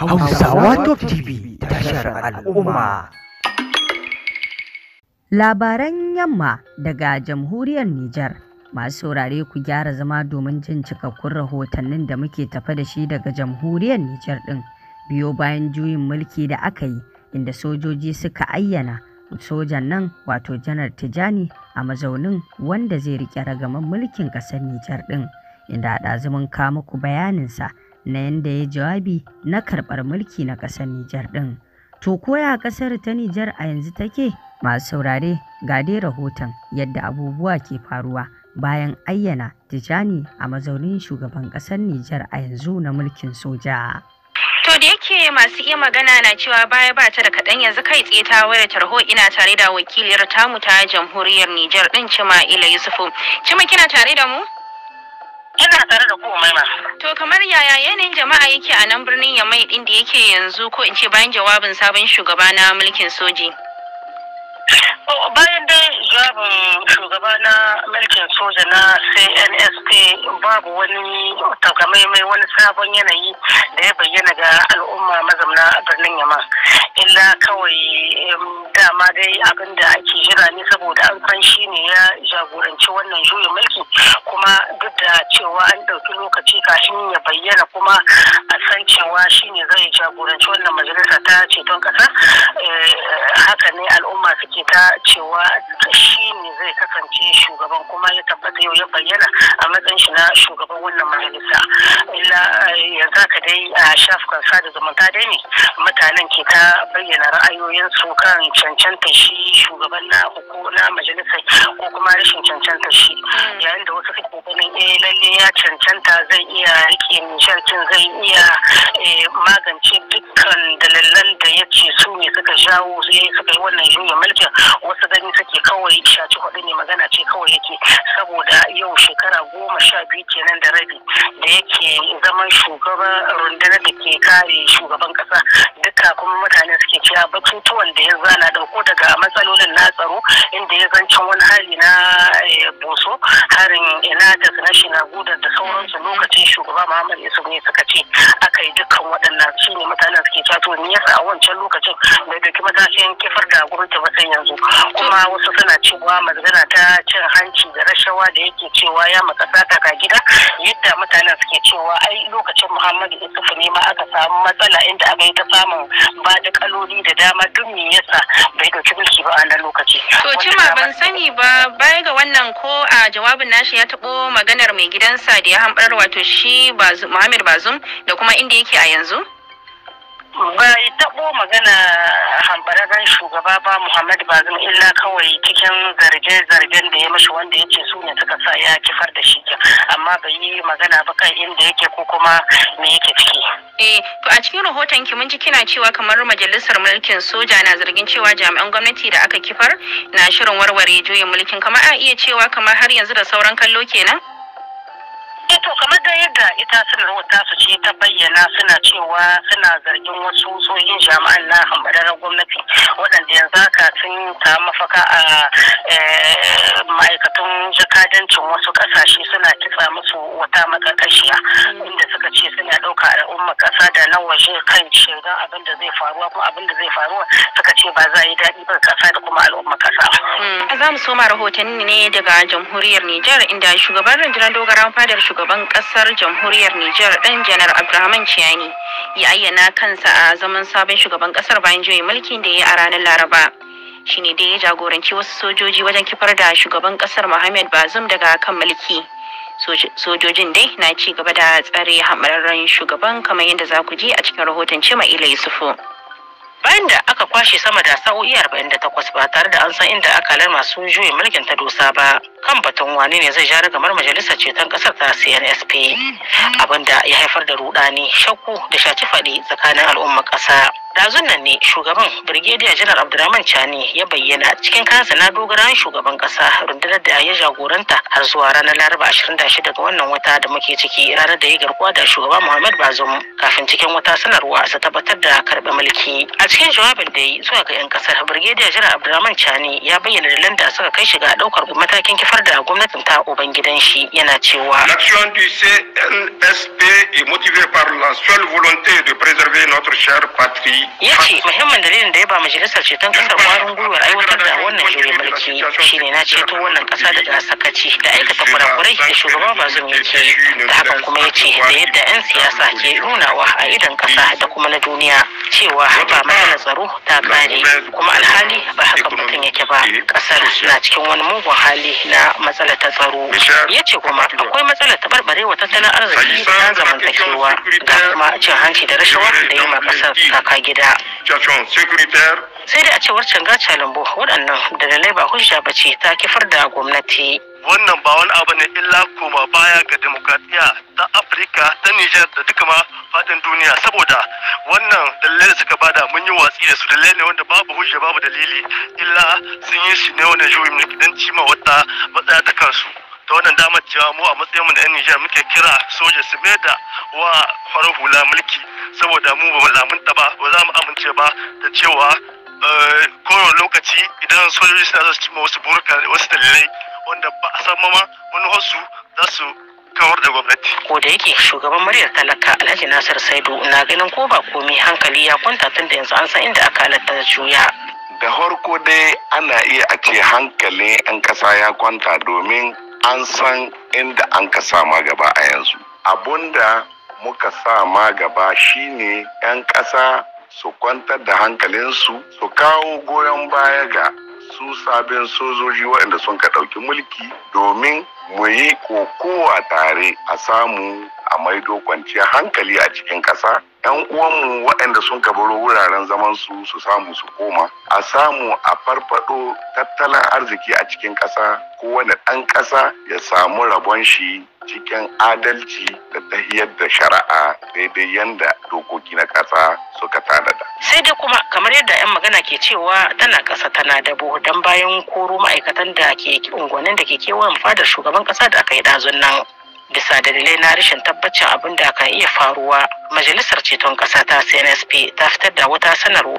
Hausawa Top TV tashar al'umma. Labaran yamma daga jamhuriyar Nijar. Masu saurare ku gyara zama domin jin cikakkun rahotannin da muke tafa da shi daga jamhuriyar Nijar ɗin biyo bayan juyin mulki da aka yi inda sojoji suka ayyana sojan nan wato janar Tijani a mazaunin wanda zai riƙe ragaman mulkin ƙasar Nijar ɗin inda haɗa zumun muku sa. na yadda ya jawabi na karɓar mulki na ƙasar Nijar ɗin. To koya ƙasar ta Nijar a yanzu take masu saurare ga dai rahoton yadda abubuwa ke faruwa bayan ayyana Tijani a mazaunin shugaban ƙasar Nijar a yanzu na mulkin soja. To da yake masu iya magana na cewa baya ba ta da kaɗan yanzu kai tsaye ta wayar tarho ina tare da wakiliyar tamu ta jamhuriyar Nijar ɗin Cima Ila Yusufu. Cima kina tare da mu? Ina tare da ku Umaima. To kamar yaya yanayin jama'a yake a nan birnin Yamai ɗin da yake yanzu ko in ce bayan jawabin sabon shugaba na mulkin soji? Oh, bayan dai Babu shugaba na mulkin soja na cnsp babu wani takamaimai wani sabon yanayi da ya bayyana ga al'umma mazamna birnin yamma illa kawai dama dai abin da ake jira ne saboda an san shi ne ya jagoranci wannan juyin mulki kuma duk da cewa an ɗauki lokaci kafin ya bayyana kuma a san cewa shi ne zai jagoranci wannan majalisa ta ceton ƙasa eh, haka ne al'umma suke ta cewa shi ne zai kasance shugaban kuma ya tabbata yau ya bayyana a matsayin shi na shugaban wannan majalisa illa eh, yanzu haka dai a shafukan sada zumunta dai ne mutanen ke ta bayyana ra'ayoyin su kan cancanta shi shugaban na na majalisa ko kuma rashin cancanta shi hmm. yayin da wasu suke ganin eh lalle ya cancanta zai iya rike nisharcin zai iya eh, magance dukkan dalilan da ya ce su ne suka jawo yi suka yi wannan juya mulkin wasu gani suke kawai kawai shaci kwaɗi ne magana ce kawai yake saboda yau shekara goma sha biyu kenan da rabi da yake zaman shugaban rundunar da ke kare shugaban kasa duka kuma mutane suke cewa batutuwan da ya zana dauko daga matsalolin na tsaro inda ya zancen wani hali na eh, boso harin ina da na gudar da sauransu lokacin shugaban ma Muhammad Yusuf ne suka ce aka yi dukkan waɗannan su ne mutanen suke cewa to yasa a wancan lokacin bai dauki matashin kifar da gwamnati ba sai yanzu kuma wasu suna cewa magana ta cin hanci da rashawa da yake cewa ya makasa ka gida yadda mutanen suke cewa ai lokacin Muhammad Yusuf ne ma aka samu matsala inda aka yi ta samun ba da kaloli da dama duk me yasa bai dauki mulki ba a nan lokaci to cima ban sani ba baya ga wannan ko a jawabin nashi ya taɓo maganar mai gidansa da ya hambar wato shi Muhammad Bazum da kuma inda yake a yanzu? bai taɓo magana hambararren shugaba ba Muhammad Bazum illa kawai cikin zarge-zargen da ya mashi wanda ya ce su ne suka sa ya kifar da shi amma bai yi magana ba kan inda yake ko kuma me yake ciki. Eh, to a cikin rahoton ki mun ji kina cewa kamar majalisar mulkin soja na zargin cewa jami'an gwamnati da aka kifar na shirin warware juyin mulkin kamar a iya cewa kamar har yanzu da sauran kallo kenan? Eh, to kamar da yadda ita sanarwar su ce ta bayyana suna cewa suna zargin wasu tsohin jami'an na hambararren gwamnati waɗanda yanzu haka sun ta mafaka a eh, ma'aikatan jakadancin wasu ƙasashe suna kitsa musu wata matsakashiya mm. inda suka ce suna ɗauka al'umma ƙasa da nan waje kan shirin abin da zai faruwa kuma abin da zai faruwa suka ce ba za a yi daɗi ba ƙasa da kuma al'umma ƙasa. Hmm. za mu soma rahotanni ne daga jamhuriyar Nijar inda shugaban rundunar dogara fadar shugaban ƙasar jamhuriyar Nijar ɗan janar Abdulrahman Ciyani ya ayyana kansa a zaman sabon shugaban ƙasar bayan juyin mulkin da ya yi a ranar Laraba. shine dai ya jagoranci wasu sojoji wajen kifar da shugaban kasar Muhammad Bazoum daga kan mulki. sojojin dai na ci gaba da tsare hamararren shugaban kamar yadda za ku ji a cikin rahoton cima ila yusufu bayan da aka kwashe sama da sa'o'i 48 ba tare da an san inda akalar masu juyin mulkin ta dosa ba kan batun Wani ne zai jara ragamar majalisar ceton kasar ta cnsp abinda ya haifar da rudani shakku da shaci faɗi tsakanin al'ummar ƙasa. dazun nan ne shugaban brigadier janar abdurrahman chani ya bayyana cikin kansa na dogarawan shugaban kasa rundunar da ya jagoranta har zuwa ranar laraba 26 daga wannan wata da muke ciki ranar da ya garkuwa da shugaba muhammad bazum kafin cikin wata sanarwa su tabbatar da karɓe mulki a cikin jawabin da yi zuwa ga 'yan kasar brigadier janar abdurrahman chani ya bayyana dalilan da suka kai shiga ɗaukar matakin kifar da gwamnatin ta ubangidan shi yana cewa l'action du CNSP est motivée par la seule volonté de préserver notre chère patrie ya ce muhimmin dalilin da ya ba majalisar ceton kasar kwarin gwiwar aiwatar da wannan jirgin mulki shine na ceto wannan kasa daga sakaci da aikata kurakurai da shugaba bazum ya ce da hakan kuma ya ce da yadda 'yan siyasa ke nunawa a idon kasa da kuma na duniya cewa ba na tsaro ta kare kuma alhali ba haka mutum yake ba kasar na cikin wani mugun hali na matsala ta tsaro ya ce kuma akwai matsala ta taɓarɓarewa tattalin arziki da zamantakewa da kuma cin hanci da rashawa da yi ma kasar ta kage gida. Sai dai a cewar Canga Calambo waɗannan da dalilai ba hujja ba ce ta kifar da gwamnati. Wannan ba wani abu ne illa koma baya ga demokradiyya ta Afirka ta Nijar da duka ma fadin duniya saboda wannan dalilai da suka bada mun yi watsi da su dalilai ne wanda babu hujja babu dalili illa sun yi shi ne wani juyin mulki don cima wata matsaya ta kansu. ta wannan damar cewa mu a matsayinmu na 'yan Nijar muke kira soja su da wa farar hula mulki saboda mu ba ta ba ba za mu amince ba da cewa eh, koro lokaci idan sojoji suna zasu cimma wasu burka wasu dalilai wanda ba a san mama wasu za su kawar da gwamnati. Ko da yake shugaban muryar talaka Alhaji Nasir Saidu na ganin ko ba komai hankali ya kwanta tun da yanzu an san inda aka halatta juya. Da farko dai ana iya a ce hankalin 'yan ƙasa ya kwanta domin an san inda an ka sama gaba a yanzu. Abunda muka sa ma gaba shine 'yan ƙasa su kwantar da hankalinsu su kawo goyon baya ga su sabin sojoji waɗanda sun ka ɗauki mulki domin mu yi kokowa tare a samu a maido kwanciyar hankali a cikin ƙasa 'yan uwanmu waɗanda sun kabaro wuraren zaman su su samu su koma a samu a farfado tattalin arziki a cikin ƙasa kowane ɗan ƙasa ya samu rabon shi cikin adalci da tahiyar da shari'a daidai yanda dokoki na ƙasa suka tanada. Sai dai kuma kamar yadda 'yan magana ke cewa tana ƙasa tana dabo don bayan koro ma'aikatan da ke unguwannin da ke kewayen fadar shugaban ƙasa da aka yi ɗazun nan. bisa dalilai na rashin tabbacin abin da kan iya faruwa majalisar ceton kasa ta cnsp ta fitar da wata sanarwa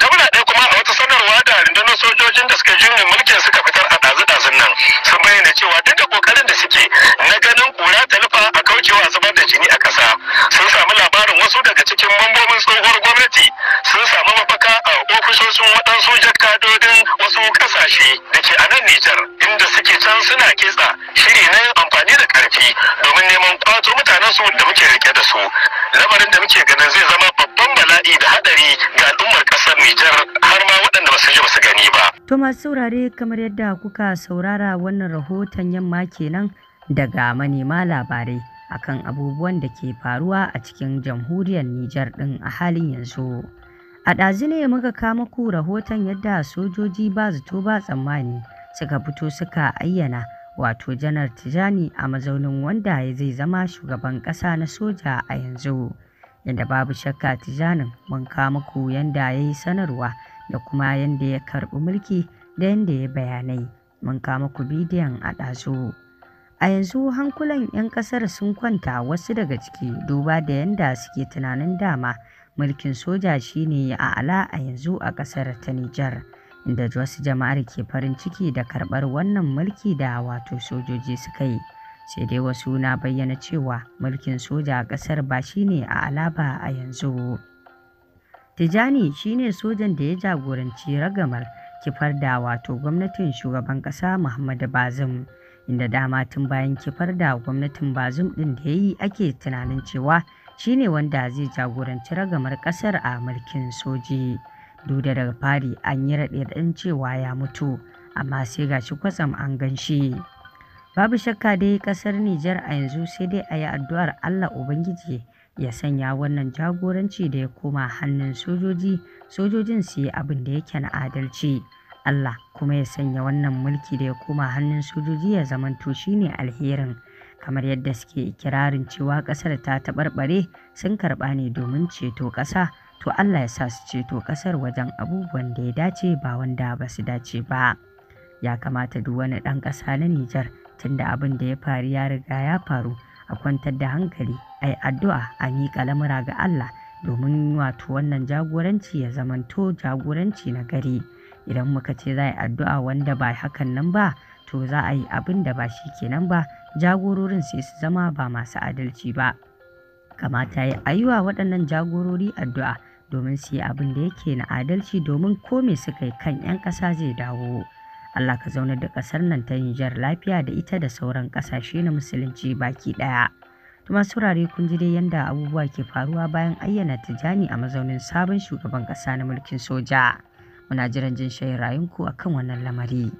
Dabla ɗaya kuma a wata sanarwa da rundunar sojojin da suka jirgin mulkin suka fitar a ɗazu-ɗazun nan sun bayyana cewa duk da ƙoƙarin da suke na ganin ƙura ta lufa a kaucewa zubar da jini a ƙasa sun samu labarin wasu daga cikin mambobin tsohuwar gwamnati sun samu mafaka a ofishoshin waɗansu jakadodin wasu ƙasashe da ke a nan Nijar. suna kitsa shiri na amfani da karfi domin neman kwato mutanen su da muke rike da su lamarin da muke ganin zai zama babban bala'i da hadari ga al'ummar kasar Nijar har ma waɗanda basu ji basu gani ba to masu saurare kamar yadda kuka saurara wannan rahoton yamma kenan daga manema labarai akan abubuwan da ke faruwa a cikin jamhuriyar Nijar ɗin a halin yanzu. A ɗazu ne muka kama ku rahoton yadda sojoji ba zato ba tsammani suka fito suka ayyana wato janar Tijani a mazaunin wanda ya zai zama shugaban ƙasa na soja a yanzu. Yadda babu shakka Tijanin mun muku yadda ya yi sanarwa da kuma yadda ya karɓi mulki da yadda ya bayanai mun muku bidiyon a ɗazu. A yanzu hankulan 'yan ƙasar sun kwanta wasu daga ciki duba da yadda suke tunanin dama mulkin soja shine a ala a yanzu a ƙasar ta Nijar. inda wasu jama'ar ke farin ciki da karɓar wannan mulki da wato sojoji suka yi sai dai wasu na bayyana cewa mulkin soja a ƙasar ba shine a alaba a yanzu tijani shine sojan da ya jagoranci ragamar kifar da wato gwamnatin shugaban ƙasa muhammadu bazum inda dama tun bayan kifar da gwamnatin bazum ɗin da ya yi ake tunanin cewa shine wanda zai jagoranci ragamar ƙasar a mulkin soji. duk da daga fari an yi raɗe-raɗin cewa ya mutu amma sai ga shi kwatsam an gan shi babu shakka dai kasar Nijar a yanzu sai dai a yi addu'ar Allah Ubangiji ya sanya wannan jagoranci da ya koma hannun sojoji sojojin su yi abin da yake na adalci Allah kuma ya sanya wannan mulki da ya koma hannun sojoji ya zamanto shine alherin kamar yadda suke ikirarin cewa ƙasar ta taɓarɓare sun karɓa ne domin ceto ƙasa to Allah ya sa su ceto ƙasar wajen abubuwan da ya dace ba wanda ba su dace ba ya kamata duk wani ɗan ƙasa na Nijar tunda abin da ya faru ya riga ya faru a kwantar da hankali a yi addu'a a yi lamura ga Allah domin wato wannan jagoranci ya zamanto jagoranci na gari idan muka ce za a yi addu'a wanda ba hakan nan ba to za a yi abin da ba shi kenan ba jagororin sai su zama ba masu adalci ba kamata ya wa waɗannan jagorori addu'a domin su yi abin da yake na adalci domin ko suka yi kan 'yan ƙasa zai dawo. Allah ka zaunar da ƙasar nan ta Nijar lafiya da ita da sauran ƙasashe na musulunci baki ɗaya. Tuma saurare kun ji dai yanda abubuwa ke faruwa bayan ayyana Tijjani a mazaunin sabon shugaban ƙasa na mulkin soja. Muna jiran jin shayin rayunku akan wannan lamari.